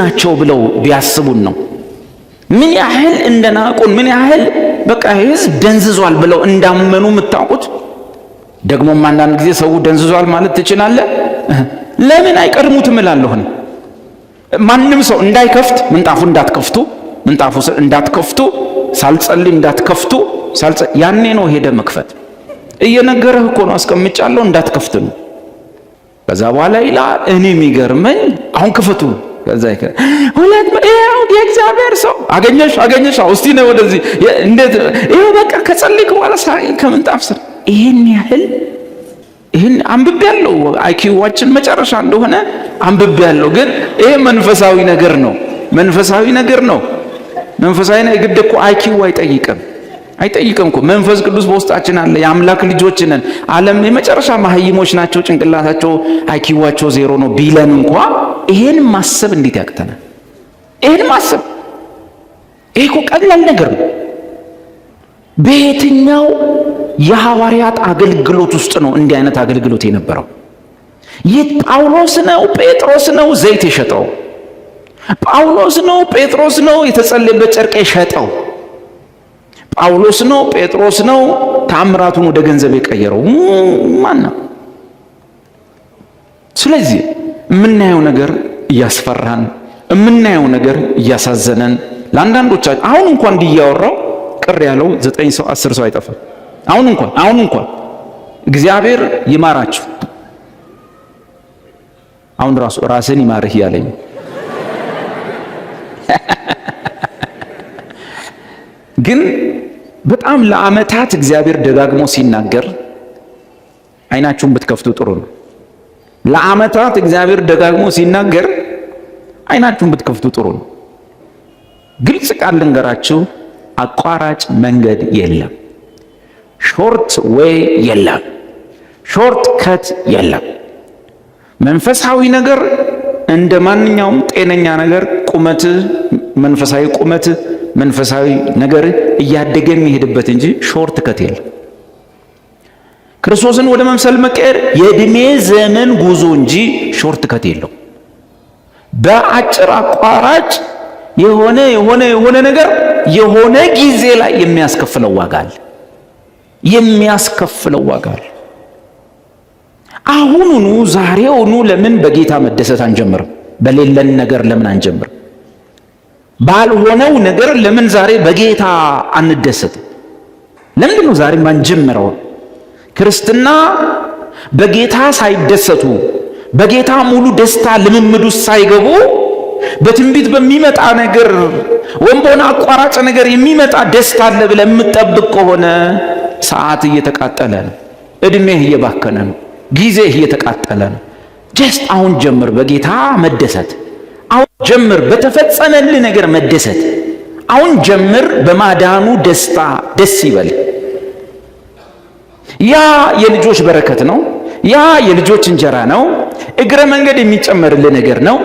ናቸው ብለው ቢያስቡን ነው ምን ያህል እንደናቁን ምን ያህል በቃ ህዝብ ደንዝዟል ብለው እንዳመኑ የምታውቁት። ደግሞም አንዳንድ ጊዜ ሰው ደንዝዟል ማለት ትችላለ ለምን አይቀድሙትም እላለሁ። ማንም ሰው እንዳይከፍት ምንጣፉ እንዳትከፍቱ ምንጣፉ እንዳትከፍቱ ሳልጸልይ እንዳትከፍቱ ያኔ ነው ሄደ መክፈት እየነገረህ እኮ ነው አስቀምጫለሁ እንዳትከፍት ነው። ከዛ በኋላ ይላል እኔ የሚገርመኝ አሁን ክፈቱ ከዛ ይከረ ሁለት ይሄው የእግዚአብሔር ሰው አገኘሽ አገኘሽ እስቲ ነው ወደዚህ እንዴት ይሄው በቃ ከጸልይክ በኋላ ሳይ ከምንጣፍ ስር ይሄን ያህል ይሄን አንብቤ ያለው አይኪዋችን መጨረሻ እንደሆነ አንብቤ ያለው ግን ይሄ መንፈሳዊ ነገር ነው መንፈሳዊ ነገር ነው መንፈሳዊ ነው ግድ እኮ አይኪው አይጠይቅም አይጠይቅም እኮ መንፈስ ቅዱስ በውስጣችን አለ። የአምላክ ልጆች ነን። ዓለም የመጨረሻ መሀይሞች ናቸው። ጭንቅላታቸው አይኪዋቸው ዜሮ ነው ቢለን እንኳ ይሄን ማሰብ እንዴት ያቅተናል? ይሄን ማሰብ ይሄ እኮ ቀላል ነገር ነው። በየትኛው የሐዋርያት አገልግሎት ውስጥ ነው እንዲህ አይነት አገልግሎት የነበረው? ይህ ጳውሎስ ነው ጴጥሮስ ነው ዘይት የሸጠው? ጳውሎስ ነው ጴጥሮስ ነው የተጸለየበት ጨርቅ የሸጠው? ጳውሎስ ነው ጴጥሮስ ነው ታምራቱን ወደ ገንዘብ የቀየረው? ማን ነው? ስለዚህ የምናየው ነገር እያስፈራን፣ የምናየው ነገር እያሳዘነን ለአንዳንዶቻችን አሁን እንኳን እንዲያወራው ቅር ያለው ዘጠኝ ሰው አስር ሰው አይጠፋም። አሁን እንኳን አሁን እንኳን እግዚአብሔር ይማራችሁ። አሁን ራሱ ራስን ይማርህ እያለኝ ግን በጣም ለአመታት እግዚአብሔር ደጋግሞ ሲናገር አይናችሁን ብትከፍቱ ጥሩ ነው። ለዓመታት እግዚአብሔር ደጋግሞ ሲናገር አይናችሁን ብትከፍቱ ጥሩ ነው። ግልጽ ቃል ልንገራችሁ፣ አቋራጭ መንገድ የለም። ሾርት ዌይ የለም። ሾርት ከት የለም። መንፈሳዊ ነገር እንደ ማንኛውም ጤነኛ ነገር ቁመት መንፈሳዊ ቁመት መንፈሳዊ ነገር እያደገ የሚሄድበት እንጂ ሾርት ከት የለም። ክርስቶስን ወደ መምሰል መቀየር የእድሜ ዘመን ጉዞ እንጂ ሾርት ከት የለው። በአጭር አቋራጭ የሆነ የሆነ የሆነ ነገር የሆነ ጊዜ ላይ የሚያስከፍለው ዋጋ አለ የሚያስከፍለው ዋጋ አለ። አሁኑኑ ዛሬውኑ ለምን በጌታ መደሰት አንጀምርም? በሌለን ነገር ለምን አንጀምርም? ባልሆነው ነገር ለምን ዛሬ በጌታ አንደሰትም? ለምንድን ነው ዛሬ ማንጀምረው? ክርስትና በጌታ ሳይደሰቱ በጌታ ሙሉ ደስታ ልምምድ ሳይገቡ በትንቢት በሚመጣ ነገር ወይም በሆነ አቋራጭ ነገር የሚመጣ ደስታ አለ ብለህ የምትጠብቅ ከሆነ ሰዓት እየተቃጠለ ነው። እድሜህ እየባከነ ነው። ጊዜህ እየተቃጠለ ነው። ጀስት አሁን ጀምር በጌታ መደሰት። አሁን ጀምር በተፈጸመልህ ነገር መደሰት። አሁን ጀምር በማዳኑ ደስታ ደስ ይበል። ያ የልጆች በረከት ነው። ያ የልጆች እንጀራ ነው። እግረ መንገድ የሚጨመርልህ ነገር ነው።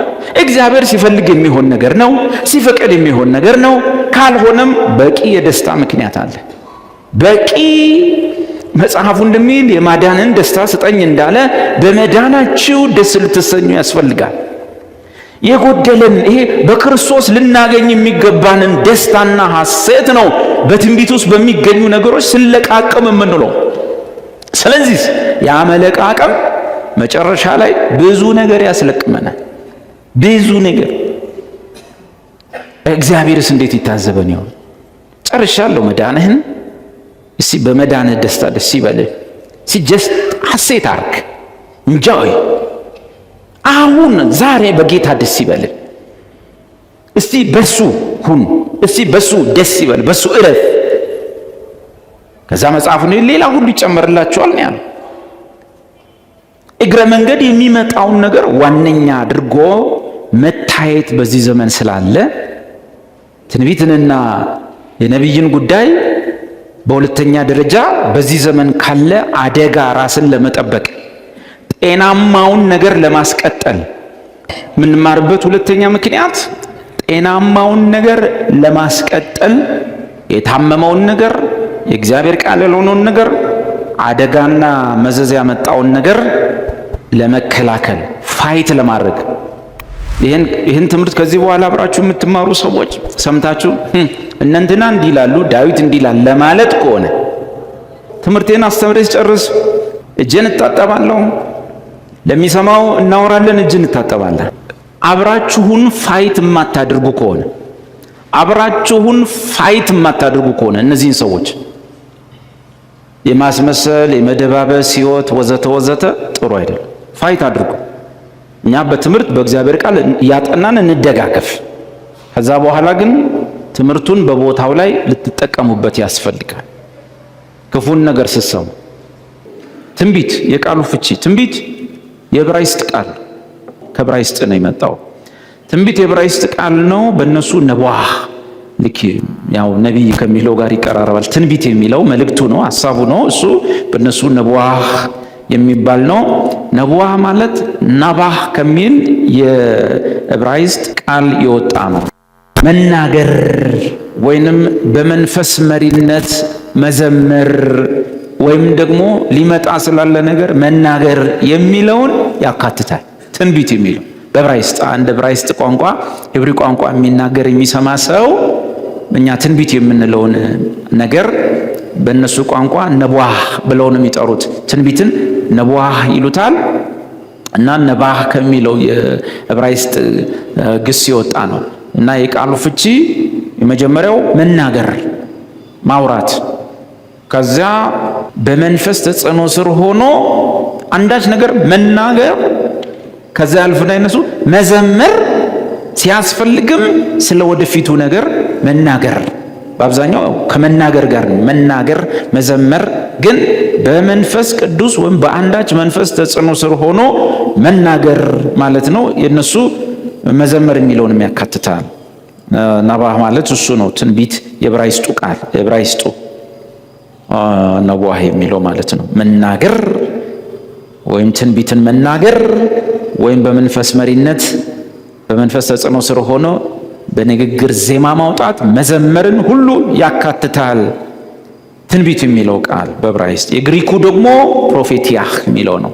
እግዚአብሔር ሲፈልግ የሚሆን ነገር ነው። ሲፈቅድ የሚሆን ነገር ነው። ካልሆነም በቂ የደስታ ምክንያት አለ። በቂ መጽሐፉ እንደሚል የማዳንን ደስታ ስጠኝ እንዳለ በመዳናችሁ ደስ ልትሰኙ ያስፈልጋል። የጎደለን ይሄ በክርስቶስ ልናገኝ የሚገባንን ደስታና ሐሴት ነው። በትንቢት ውስጥ በሚገኙ ነገሮች ስለቃቅም የምንለው ስለዚህ የአመለቃቀም መጨረሻ ላይ ብዙ ነገር ያስለቅመናል። ብዙ ነገር እግዚአብሔርስ እንዴት ይታዘበን ይሆን? ጨርሻለሁ መዳንህን። እስቲ በመዳንህ ደስታ ደስ ይበልህ። ጀስት ሐሴት አርክ እንጃይ አሁን ዛሬ በጌታ ደስ ይበልህ። እስቲ በሱ ሁን። እስቲ በሱ ደስ ይበል። በሱ እረፍ። ከዛ መጽሐፉ ነው ሌላ ሁሉ ይጨመርላችኋል ነው ያለው። እግረ መንገድ የሚመጣውን ነገር ዋነኛ አድርጎ መታየት በዚህ ዘመን ስላለ ትንቢትንና የነቢይን ጉዳይ በሁለተኛ ደረጃ በዚህ ዘመን ካለ አደጋ ራስን ለመጠበቅ ጤናማውን ነገር ለማስቀጠል የምንማርበት ሁለተኛ ምክንያት ጤናማውን ነገር ለማስቀጠል የታመመውን ነገር የእግዚአብሔር ቃል ያልሆነውን ነገር አደጋና መዘዝ ያመጣውን ነገር ለመከላከል ፋይት ለማድረግ ይህን ትምህርት ከዚህ በኋላ አብራችሁ የምትማሩ ሰዎች ሰምታችሁ እነንትና እንዲህ ይላሉ፣ ዳዊት እንዲህ ይላል ለማለት ከሆነ ትምህርቴን አስተምሬ ስጨርስ እጄን እታጠባለሁ፣ ለሚሰማው እናወራለን፣ እጅ እንታጠባለን። አብራችሁን ፋይት የማታደርጉ ከሆነ አብራችሁን ፋይት የማታደርጉ ከሆነ እነዚህን ሰዎች የማስመሰል የመደባበስ ህይወት ወዘተ ወዘተ ጥሩ አይደለም። ፋይት አድርጉ። እኛ በትምህርት በእግዚአብሔር ቃል እያጠናን እንደጋገፍ። ከዛ በኋላ ግን ትምህርቱን በቦታው ላይ ልትጠቀሙበት ያስፈልጋል። ክፉን ነገር ስትሰሙ ትንቢት፣ የቃሉ ፍቺ ትንቢት የዕብራይስጥ ቃል ከዕብራይስጥ ነው የመጣው። ትንቢት የዕብራይስጥ ቃል ነው። በእነሱ ነቧህ ልክ ያው ነቢይ ከሚለው ጋር ይቀራረባል። ትንቢት የሚለው መልእክቱ ነው፣ ሀሳቡ ነው። እሱ በእነሱ ነቧህ የሚባል ነው። ነቧህ ማለት ናባህ ከሚል የዕብራይስጥ ቃል የወጣ ነው። መናገር ወይንም በመንፈስ መሪነት መዘመር ወይም ደግሞ ሊመጣ ስላለ ነገር መናገር የሚለውን ያካትታል። ትንቢት የሚለው በዕብራይስጥ እንደ ዕብራይስጥ ቋንቋ ሂብሪ ቋንቋ የሚናገር የሚሰማ ሰው እኛ ትንቢት የምንለውን ነገር በእነሱ ቋንቋ ነቧህ ብለው ነው የሚጠሩት። ትንቢትን ነቧህ ይሉታል እና ነባህ ከሚለው የዕብራይስጥ ግስ የወጣ ነው እና የቃሉ ፍቺ የመጀመሪያው መናገር፣ ማውራት ከዚያ በመንፈስ ተጽዕኖ ስር ሆኖ አንዳች ነገር መናገር ከዚያ ያልፍና አይነሱ መዘመር ሲያስፈልግም ስለ ወደፊቱ ነገር መናገር በአብዛኛው ከመናገር ጋር መናገር መዘመር ግን በመንፈስ ቅዱስ ወይም በአንዳች መንፈስ ተጽዕኖ ስር ሆኖ መናገር ማለት ነው። የነሱ መዘመር የሚለውን የሚያካትታል። ነባህ ማለት እሱ ነው። ትንቢት የዕብራይስጡ ቃል የዕብራይስጡ ነዋህ የሚለው ማለት ነው። መናገር ወይም ትንቢትን መናገር ወይም በመንፈስ መሪነት በመንፈስ ተጽዕኖ ስር ሆኖ በንግግር ዜማ ማውጣት መዘመርን ሁሉ ያካትታል። ትንቢት የሚለው ቃል በዕብራይስጥ የግሪኩ ደግሞ ፕሮፌቲያህ የሚለው ነው።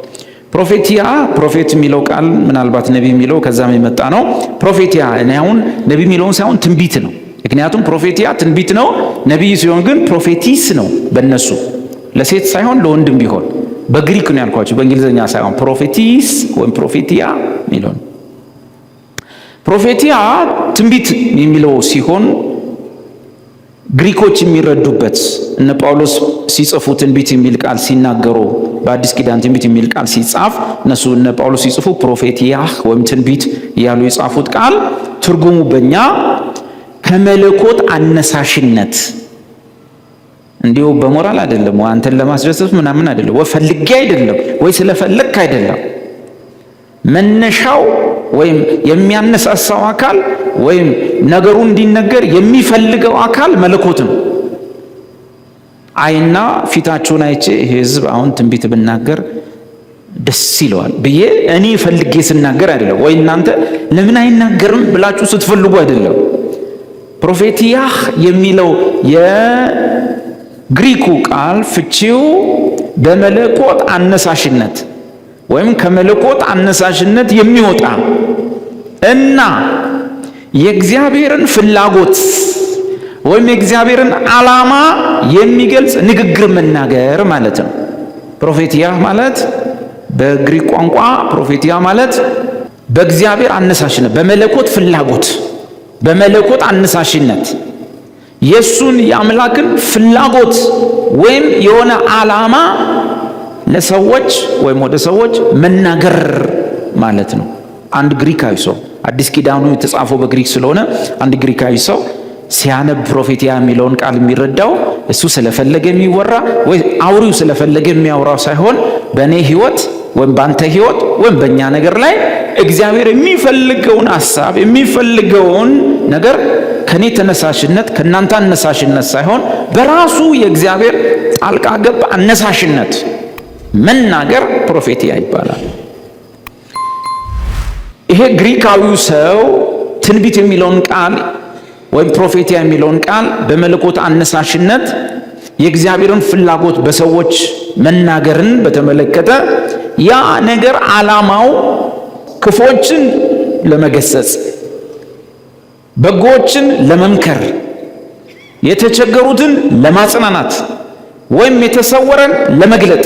ፕሮፌቲያ ፕሮፌት የሚለው ቃል ምናልባት ነቢ የሚለው ከዛም የመጣ ነው። ፕሮፌቲያ እኔ አሁን ነቢ የሚለውን ሳይሆን ትንቢት ነው። ምክንያቱም ፕሮፌቲያ ትንቢት ነው፣ ነቢይ ሲሆን ግን ፕሮፌቲስ ነው። በእነሱ ለሴት ሳይሆን ለወንድም ቢሆን በግሪክ ነው ያልኳቸው፣ በእንግሊዝኛ ሳይሆን ፕሮፌቲስ ወይም ፕሮፌቲያ የሚለው ፕሮፌቲያ ትንቢት የሚለው ሲሆን ግሪኮች የሚረዱበት እነ ጳውሎስ ሲጽፉ ትንቢት የሚል ቃል ሲናገሩ በአዲስ ኪዳን ትንቢት የሚል ቃል ሲጻፍ እነሱ እነ ጳውሎስ ሲጽፉ ፕሮፌቲያ ወይም ትንቢት እያሉ የጻፉት ቃል ትርጉሙ በእኛ ከመለኮት አነሳሽነት እንዲሁ በሞራል አይደለም፣ አንተን ለማስደሰት ምናምን አይደለም፣ ወይ ፈልጌ አይደለም፣ ወይ ስለፈለግክ አይደለም መነሻው ወይም የሚያነሳሳው አካል ወይም ነገሩ እንዲነገር የሚፈልገው አካል መለኮት ነው። አይና ፊታችሁን አይቼ ይሄ ህዝብ አሁን ትንቢት ብናገር ደስ ይለዋል ብዬ እኔ ፈልጌ ስናገር አይደለም፣ ወይ እናንተ ለምን አይናገርም ብላችሁ ስትፈልጉ አይደለም። ፕሮፌቲያህ የሚለው የግሪኩ ቃል ፍቺው በመለኮት አነሳሽነት ወይም ከመለኮት አነሳሽነት የሚወጣ እና የእግዚአብሔርን ፍላጎት ወይም የእግዚአብሔርን ዓላማ የሚገልጽ ንግግር መናገር ማለት ነው። ፕሮፌቲያ ማለት በግሪክ ቋንቋ ፕሮፌቲያ ማለት በእግዚአብሔር አነሳሽነት፣ በመለኮት ፍላጎት፣ በመለኮት አነሳሽነት የእሱን የአምላክን ፍላጎት ወይም የሆነ ዓላማ ለሰዎች ወይም ወደ ሰዎች መናገር ማለት ነው። አንድ ግሪካዊ ሰው አዲስ ኪዳኑ የተጻፈው በግሪክ ስለሆነ አንድ ግሪካዊ ሰው ሲያነብ ፕሮፌቲያ የሚለውን ቃል የሚረዳው እሱ ስለፈለገ የሚወራ ወይ አውሪው ስለፈለገ የሚያወራው ሳይሆን በእኔ ህይወት ወይም በአንተ ህይወት ወይም በእኛ ነገር ላይ እግዚአብሔር የሚፈልገውን ሀሳብ የሚፈልገውን ነገር ከእኔ ተነሳሽነት ከእናንተ አነሳሽነት ሳይሆን በራሱ የእግዚአብሔር ጣልቃ ገብ አነሳሽነት መናገር ፕሮፌቲያ ይባላል። ይሄ ግሪካዊው ሰው ትንቢት የሚለውን ቃል ወይም ፕሮፌቲያ የሚለውን ቃል በመለኮት አነሳሽነት የእግዚአብሔርን ፍላጎት በሰዎች መናገርን በተመለከተ ያ ነገር ዓላማው ክፎችን ለመገሰጽ፣ በጎዎችን ለመምከር፣ የተቸገሩትን ለማጽናናት ወይም የተሰወረን ለመግለጥ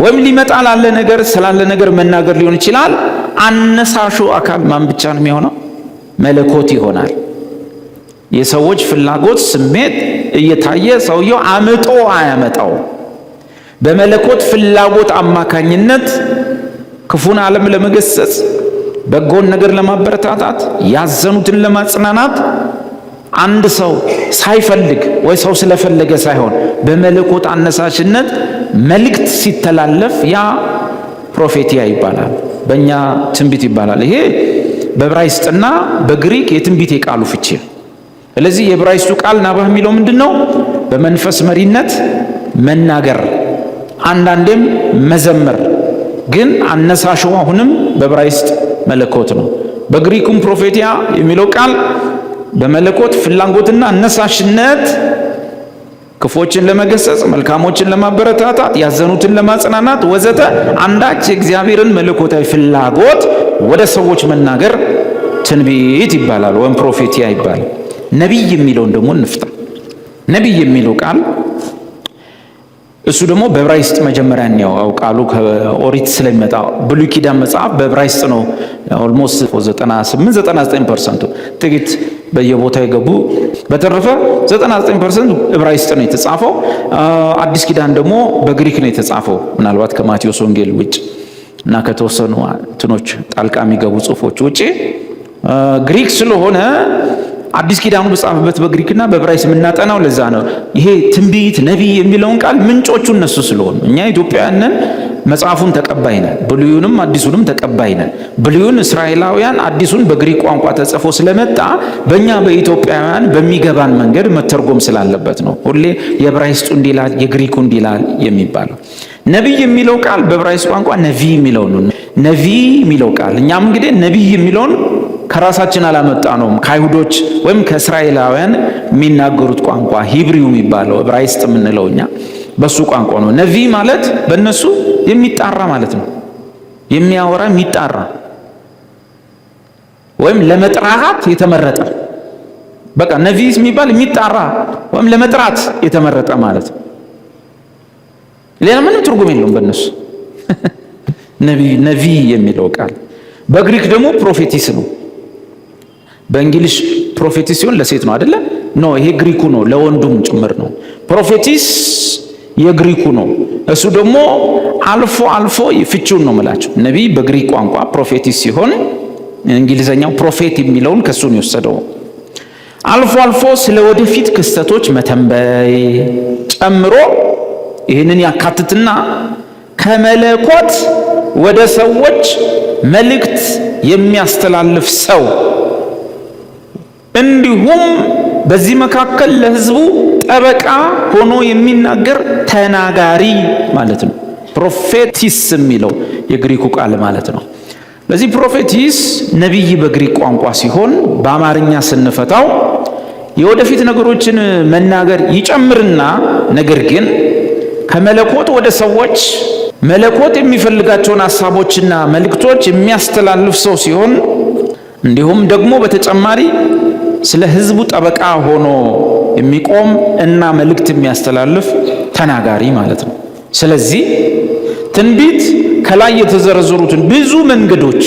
ወይም ሊመጣ ላለ ነገር ስላለ ነገር መናገር ሊሆን ይችላል። አነሳሹ አካል ማን ብቻ ነው የሚሆነው? መለኮት ይሆናል። የሰዎች ፍላጎት፣ ስሜት እየታየ ሰውየው አምጦ አያመጣው። በመለኮት ፍላጎት አማካኝነት ክፉን ዓለም ለመገሰጽ፣ በጎን ነገር ለማበረታታት፣ ያዘኑትን ለማጽናናት አንድ ሰው ሳይፈልግ ወይ ሰው ስለፈለገ ሳይሆን በመለኮት አነሳሽነት መልእክት ሲተላለፍ ያ ፕሮፌቲያ ይባላል፣ በእኛ ትንቢት ይባላል። ይሄ በብራይስጥና በግሪክ የትንቢት የቃሉ ፍቺ ስለዚህ የብራይስጡ ቃል ናባህ የሚለው ምንድን ነው? በመንፈስ መሪነት መናገር፣ አንዳንዴም መዘመር። ግን አነሳሹ አሁንም በብራይስጥ መለኮት ነው። በግሪኩም ፕሮፌቲያ የሚለው ቃል በመለኮት ፍላጎትና አነሳሽነት ክፎችን ለመገሰጽ፣ መልካሞችን ለማበረታታት፣ ያዘኑትን ለማጽናናት ወዘተ አንዳች የእግዚአብሔርን መለኮታዊ ፍላጎት ወደ ሰዎች መናገር ትንቢት ይባላል ወይም ፕሮፌቲያ ይባላል። ነቢይ የሚለውን ደግሞ እንፍታ። ነቢይ የሚለው ቃል እሱ ደግሞ በብራይስጥ መጀመሪያ እንያው ቃሉ ከኦሪት ስለሚመጣ ብሉይ ኪዳን መጽሐፍ በብራይስጥ ነው። ኦልሞስት 98 99 ፐርሰንቱ ጥቂት በየቦታ የገቡ በተረፈ 99% ዕብራይስጥ ነው የተጻፈው። አዲስ ኪዳን ደግሞ በግሪክ ነው የተጻፈው። ምናልባት ከማቴዎስ ወንጌል ውጭ እና ከተወሰኑ እንትኖች ጣልቃ የሚገቡ ጽሁፎች ውጭ ግሪክ ስለሆነ አዲስ ኪዳኑ በጻፈበት በግሪክና በብራይስ የምናጠናው ለዛ ነው። ይሄ ትንቢት ነቢይ የሚለውን ቃል ምንጮቹ እነሱ ስለሆኑ እኛ ኢትዮጵያውያንን መጽሐፉን ተቀባይ ነን፣ ብሉዩንም አዲሱንም ተቀባይ ነን። ብሉዩን እስራኤላውያን፣ አዲሱን በግሪክ ቋንቋ ተጽፎ ስለመጣ በእኛ በኢትዮጵያውያን በሚገባን መንገድ መተርጎም ስላለበት ነው ሁሌ የብራይስ እንዲላል የግሪኩ እንዲላል የሚባለው። ነቢይ የሚለው ቃል በዕብራይስጥ ቋንቋ ነቪ የሚለው ነው። ነቪ የሚለው ቃል እኛም እንግዲህ ነቢይ የሚለውን ከራሳችን አላመጣ ነውም ከአይሁዶች ወይም ከእስራኤላውያን የሚናገሩት ቋንቋ ሂብሪው የሚባለው ዕብራይስጥ የምንለው እኛ በሱ ቋንቋ ነው። ነቪ ማለት በእነሱ የሚጣራ ማለት ነው። የሚያወራ የሚጣራ ወይም ለመጥራት የተመረጠ በቃ ነቪ የሚባል የሚጣራ ወይም ለመጥራት የተመረጠ ማለት ነው። ሌላ ምንም ትርጉም የለውም በእነሱ ነቢ የሚለው ቃል በግሪክ ደግሞ ፕሮፌቲስ ነው። በእንግሊሽ ፕሮፌቲስ ሲሆን ለሴት ነው አይደለ? ኖ ይሄ ግሪኩ ነው፣ ለወንዱም ጭምር ነው። ፕሮፌቲስ የግሪኩ ነው። እሱ ደግሞ አልፎ አልፎ ፍቺውን ነው የምላቸው። ነቢይ በግሪክ ቋንቋ ፕሮፌቲስ ሲሆን እንግሊዘኛው ፕሮፌት የሚለውን ከሱ ነው የወሰደው። አልፎ አልፎ ስለ ወደፊት ክስተቶች መተንበይ ጨምሮ ይህንን ያካትትና ከመለኮት ወደ ሰዎች መልእክት የሚያስተላልፍ ሰው እንዲሁም በዚህ መካከል ለሕዝቡ ጠበቃ ሆኖ የሚናገር ተናጋሪ ማለት ነው። ፕሮፌቲስ የሚለው የግሪኩ ቃል ማለት ነው። ለዚህ ፕሮፌቲስ ነቢይ በግሪክ ቋንቋ ሲሆን በአማርኛ ስንፈታው የወደፊት ነገሮችን መናገር ይጨምርና ነገር ግን ከመለኮት ወደ ሰዎች መለኮት የሚፈልጋቸውን ሀሳቦችና መልእክቶች የሚያስተላልፍ ሰው ሲሆን እንዲሁም ደግሞ በተጨማሪ ስለ ሕዝቡ ጠበቃ ሆኖ የሚቆም እና መልእክት የሚያስተላልፍ ተናጋሪ ማለት ነው። ስለዚህ ትንቢት ከላይ የተዘረዘሩትን ብዙ መንገዶች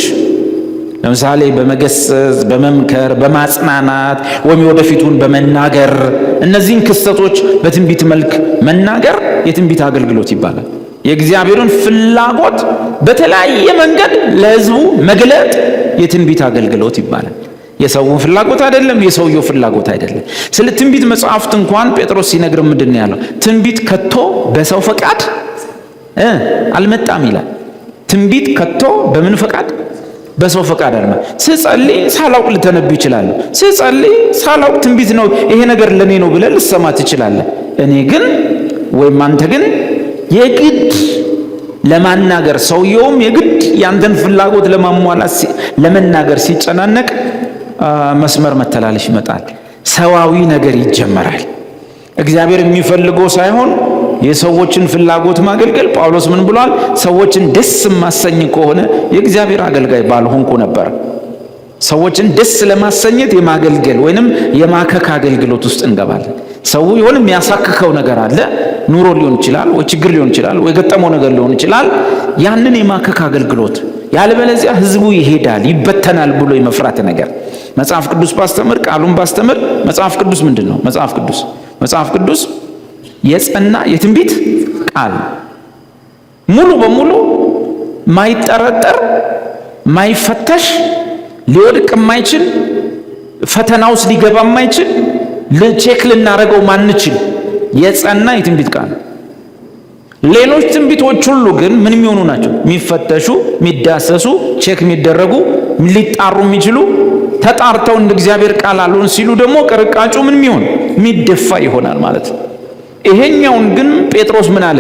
ለምሳሌ በመገሰጽ፣ በመምከር፣ በማጽናናት ወይም ወደፊቱን በመናገር እነዚህን ክስተቶች በትንቢት መልክ መናገር የትንቢት አገልግሎት ይባላል። የእግዚአብሔርን ፍላጎት በተለያየ መንገድ ለሕዝቡ መግለጥ የትንቢት አገልግሎት ይባላል። የሰው ፍላጎት አይደለም፣ የሰውየው ፍላጎት አይደለም። ስለ ትንቢት መጽሐፍት እንኳን ጴጥሮስ ሲነግር ምንድን ነው ያለው? ትንቢት ከቶ በሰው ፈቃድ አልመጣም ይላል። ትንቢት ከቶ በምን ፈቃድ በሰው ፈቃድ አይደለም። ስጸልይ ሳላውቅ ልተነብ ይችላል። ስጸልይ ሳላውቅ ትንቢት ነው ይሄ ነገር ለኔ ነው ብለህ ልሰማ ትችላለህ። እኔ ግን ወይም አንተ ግን የግድ ለማናገር ሰውየውም የግድ ያንተን ፍላጎት ለማሟላት ለመናገር ሲጨናነቅ መስመር መተላለፍ ይመጣል። ሰዋዊ ነገር ይጀመራል። እግዚአብሔር የሚፈልገው ሳይሆን የሰዎችን ፍላጎት ማገልገል ጳውሎስ ምን ብሏል? ሰዎችን ደስ የማሰኝ ከሆነ የእግዚአብሔር አገልጋይ ባልሆንኩ ነበር። ሰዎችን ደስ ለማሰኘት የማገልገል ወይንም የማከክ አገልግሎት ውስጥ እንገባለን። ሰው የሆነ የሚያሳክከው ነገር አለ። ኑሮ ሊሆን ይችላል፣ ወይ ችግር ሊሆን ይችላል፣ ወይ ገጠመው ነገር ሊሆን ይችላል። ያንን የማከክ አገልግሎት ያለበለዚያ ህዝቡ ይሄዳል፣ ይበተናል ብሎ የመፍራት ነገር መጽሐፍ ቅዱስ ባስተምር ቃሉን ባስተምር መጽሐፍ ቅዱስ ምንድን ነው? መጽሐፍ ቅዱስ መጽሐፍ ቅዱስ የጸና የትንቢት ቃል ሙሉ በሙሉ ማይጠረጠር ማይፈተሽ ሊወድቅ የማይችል ፈተና ውስጥ ሊገባ የማይችል ቼክ ልናደርገው ማንችል የጸና የትንቢት ቃል። ሌሎች ትንቢቶች ሁሉ ግን ምን የሚሆኑ ናቸው? የሚፈተሹ፣ የሚዳሰሱ፣ ቼክ የሚደረጉ፣ ሊጣሩ የሚችሉ ተጣርተው እንደ እግዚአብሔር ቃል አሉን ሲሉ ደግሞ ቅርቃጩ ምን የሚሆን የሚደፋ ይሆናል ማለት ነው። ይሄኛውን ግን ጴጥሮስ ምን አለ?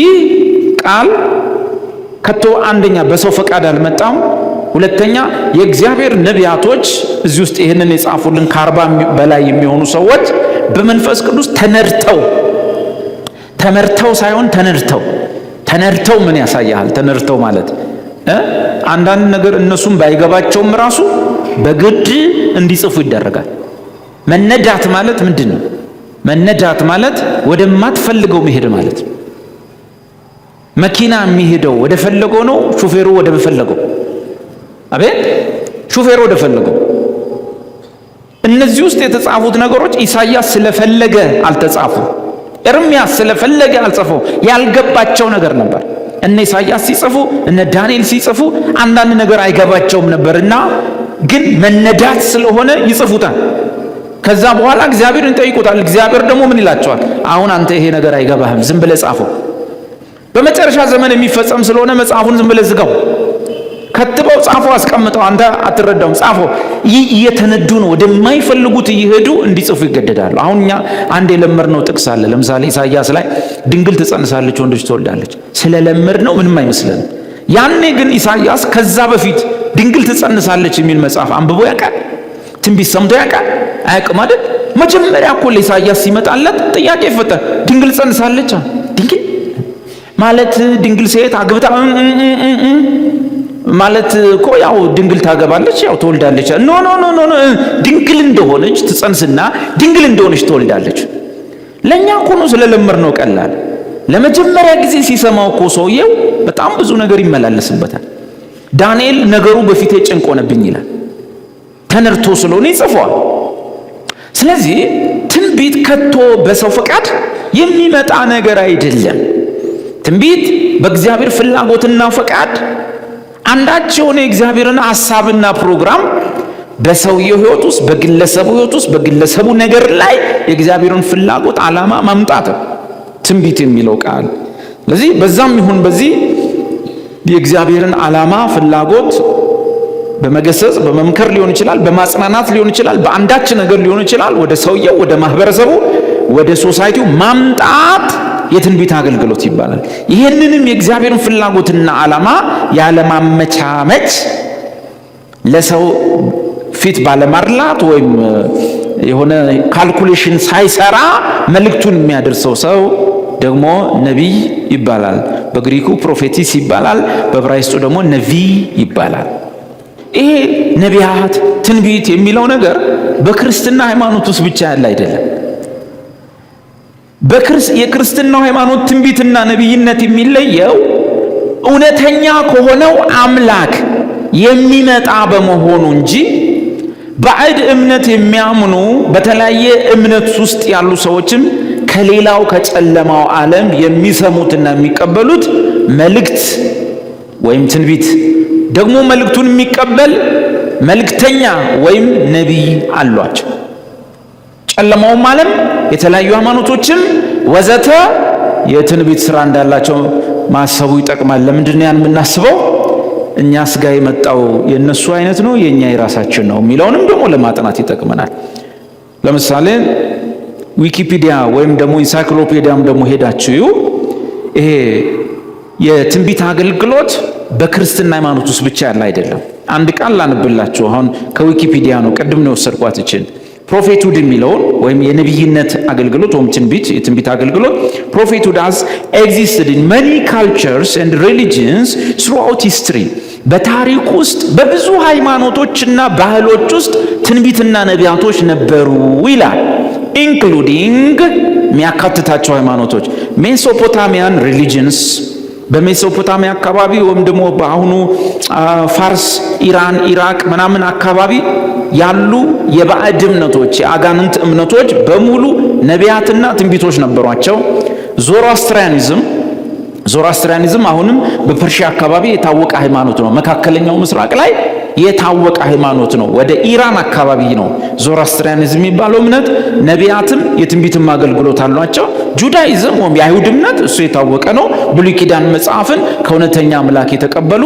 ይህ ቃል ከቶ አንደኛ በሰው ፈቃድ አልመጣም፣ ሁለተኛ የእግዚአብሔር ነቢያቶች እዚህ ውስጥ ይህንን የጻፉልን ከአርባ በላይ የሚሆኑ ሰዎች በመንፈስ ቅዱስ ተነድተው ተመርተው ሳይሆን ተነድተው ተነድተው ምን ያሳያል? ተነድተው ማለት አንዳንድ ነገር እነሱም ባይገባቸውም ራሱ በግድ እንዲጽፉ ይደረጋል። መነዳት ማለት ምንድን ነው? መነዳት ማለት ወደማትፈልገው መሄድ ማለት ነው። መኪና የሚሄደው ወደ ፈለገው ነው፣ ሹፌሩ ወደ አቤት ሹፌሩ ወደ ፈለገው። እነዚህ ውስጥ የተጻፉት ነገሮች ኢሳያስ ስለፈለገ አልተጻፉ፣ ኤርምያስ ስለፈለገ አልጻፈው። ያልገባቸው ነገር ነበር። እነ ኢሳያስ ሲጽፉ፣ እነ ዳንኤል ሲጽፉ አንዳንድ ነገር አይገባቸውም ነበርና ግን መነዳት ስለሆነ ይጽፉታል። ከዛ በኋላ እግዚአብሔርን ጠይቁታል። እግዚአብሔር ደግሞ ምን ይላቸዋል? አሁን አንተ ይሄ ነገር አይገባህም፣ ዝም ብለህ ጻፈው። በመጨረሻ ዘመን የሚፈጸም ስለሆነ መጽሐፉን ዝም ብለህ ዝጋው፣ ከትበው ጻፈው፣ አስቀምጠው፣ አንተ አትረዳውም፣ ጻፈው። ይህ እየተነዱ ነው፣ ወደማይፈልጉት እየሄዱ እንዲጽፉ ይገደዳሉ። አሁን እኛ አንድ የለመድነው ጥቅስ አለ። ለምሳሌ ኢሳያስ ላይ ድንግል ትጸንሳለች፣ ወንዶች ትወልዳለች። ስለለመድነው ምንም አይመስለንም። ያኔ ግን ኢሳያስ ከዛ በፊት ድንግል ትጸንሳለች የሚል መጽሐፍ አንብቦ ያውቃል? ትንቢት ሰምቶ ያውቃል አያውቅም አይደል? መጀመሪያ እኮ ለኢሳያስ ሲመጣለት ጥያቄ ፈጠ ድንግል ጸንሳለች ድንግል ማለት ድንግል ሴት አግብታ ማለት እኮ ያው ድንግል ታገባለች፣ ያው ትወልዳለች። ኖ ኖ ኖ ኖ ድንግል እንደሆነች ትጸንስና ድንግል እንደሆነች ትወልዳለች። ለእኛ እኮ ነው ስለለመር ነው ቀላል። ለመጀመሪያ ጊዜ ሲሰማው እኮ ሰውየው በጣም ብዙ ነገር ይመላለስበታል። ዳንኤል ነገሩ በፊቴ ጭንቅ ሆነብኝ ይላል። ተነርቶ ስለሆነ ይጽፏል። ስለዚህ ትንቢት ከቶ በሰው ፈቃድ የሚመጣ ነገር አይደለም። ትንቢት በእግዚአብሔር ፍላጎትና ፈቃድ አንዳች የሆነ የእግዚአብሔርን ሀሳብና ፕሮግራም በሰውየው ሕይወት ውስጥ በግለሰቡ ሕይወት ውስጥ በግለሰቡ ነገር ላይ የእግዚአብሔርን ፍላጎት ዓላማ ማምጣት ትንቢት የሚለው ቃል። ስለዚህ በዛም ይሁን በዚህ የእግዚአብሔርን ዓላማ ፍላጎት በመገሰጽ በመምከር ሊሆን ይችላል፣ በማጽናናት ሊሆን ይችላል፣ በአንዳች ነገር ሊሆን ይችላል። ወደ ሰውየው፣ ወደ ማህበረሰቡ፣ ወደ ሶሳይቲው ማምጣት የትንቢት አገልግሎት ይባላል። ይህንንም የእግዚአብሔርን ፍላጎትና ዓላማ ያለማመቻመች ለሰው ፊት ባለማድላት ወይም የሆነ ካልኩሌሽን ሳይሰራ መልእክቱን የሚያደርሰው ሰው ደግሞ ነቢይ ይባላል። በግሪኩ ፕሮፌቲስ ይባላል። በዕብራይስጡ ደግሞ ነቢይ ይባላል። ይሄ ነቢያት ትንቢት የሚለው ነገር በክርስትና ሃይማኖት ውስጥ ብቻ ያለ አይደለም። የክርስትናው ሃይማኖት ትንቢትና ነቢይነት የሚለየው እውነተኛ ከሆነው አምላክ የሚመጣ በመሆኑ እንጂ ባዕድ እምነት የሚያምኑ በተለያየ እምነት ውስጥ ያሉ ሰዎችም ከሌላው ከጨለማው ዓለም የሚሰሙትና የሚቀበሉት መልእክት ወይም ትንቢት ደግሞ መልእክቱን የሚቀበል መልእክተኛ ወይም ነቢይ አሏቸው። ጨለማውም ዓለም የተለያዩ ሃይማኖቶችም ወዘተ የትንቢት ስራ እንዳላቸው ማሰቡ ይጠቅማል። ለምንድን ያን የምናስበው እኛስ ስጋ የመጣው የእነሱ አይነት ነው የእኛ የራሳችን ነው የሚለውንም ደግሞ ለማጥናት ይጠቅመናል። ለምሳሌ ዊኪፒዲያ ወይም ደግሞ ኢንሳይክሎፔዲያም ደግሞ ሄዳችሁ ይሄ የትንቢት አገልግሎት በክርስትና ሃይማኖት ውስጥ ብቻ ያለ አይደለም። አንድ ቃል ላንብላችሁ። አሁን ከዊኪፒዲያ ነው፣ ቅድም ነው የወሰድኳት ይችን ፕሮፌት የሚለውን ወይም የነቢይነት አገልግሎት ወይም ትንቢት የትንቢት አገልግሎት ፕሮፌት ሃዝ ኤግዚስትድ ኢን መኒ ካልቸርስ ኤንድ ሪሊጅንስ ስሩአውት ሂስትሪ በታሪክ ውስጥ በብዙ ሃይማኖቶችና ባህሎች ውስጥ ትንቢትና ነቢያቶች ነበሩ ይላል። ኢንክሉዲንግ የሚያካትታቸው ሃይማኖቶች ሜሶፖታሚያን ሪሊጅንስ በሜሶፖታሚያ አካባቢ ወይም ደግሞ በአሁኑ ፋርስ፣ ኢራን፣ ኢራቅ ምናምን አካባቢ ያሉ የባዕድ እምነቶች የአጋንንት እምነቶች በሙሉ ነቢያትና ትንቢቶች ነበሯቸው። ዞሮአስትሪያኒዝም ዞሮአስትሪያኒዝም አሁንም በፐርሺያ አካባቢ የታወቀ ሃይማኖት ነው። መካከለኛው ምስራቅ ላይ የታወቀ ሃይማኖት ነው። ወደ ኢራን አካባቢ ነው ዞራስትሪያኒዝም የሚባለው እምነት። ነቢያትም የትንቢትም አገልግሎት አሏቸው። ጁዳይዝም ወይም የአይሁድ እምነት እሱ የታወቀ ነው። ብሉይ ኪዳን መጽሐፍን ከእውነተኛ አምላክ የተቀበሉ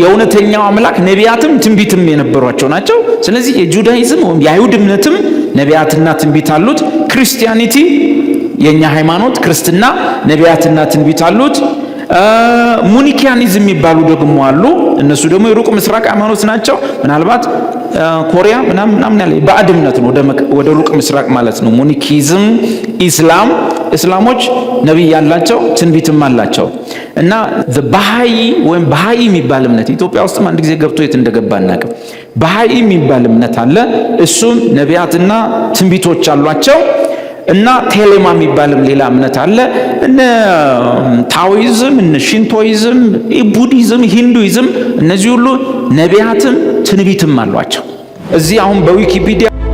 የእውነተኛው አምላክ ነቢያትም ትንቢትም የነበሯቸው ናቸው። ስለዚህ የጁዳይዝም ወይም የአይሁድ እምነትም ነቢያትና ትንቢት አሉት። ክርስቲያኒቲ የእኛ ሃይማኖት ክርስትና ነቢያትና ትንቢት አሉት። ሙኒኪያኒዝም የሚባሉ ደግሞ አሉ። እነሱ ደግሞ የሩቅ ምስራቅ ሃይማኖት ናቸው። ምናልባት ኮሪያ ምናምን ምናምን ያለ ባዕድ እምነት ነው፣ ወደ ሩቅ ምስራቅ ማለት ነው። ሙኒኪዝም ኢስላም እስላሞች ነቢይ ያላቸው ትንቢትም አላቸው እና ባሀይ ወይም ባሀይ የሚባል እምነት ኢትዮጵያ ውስጥም አንድ ጊዜ ገብቶ የት እንደገባ እናቅም። ባሀይ የሚባል እምነት አለ። እሱም ነቢያትና ትንቢቶች አሏቸው። እና ቴሌማ የሚባልም ሌላ እምነት አለ። እነ ታዊዝም እነ ሽንቶይዝም፣ ቡዲዝም፣ ሂንዱይዝም እነዚህ ሁሉ ነቢያትም ትንቢትም አሏቸው። እዚህ አሁን በዊኪፒዲያ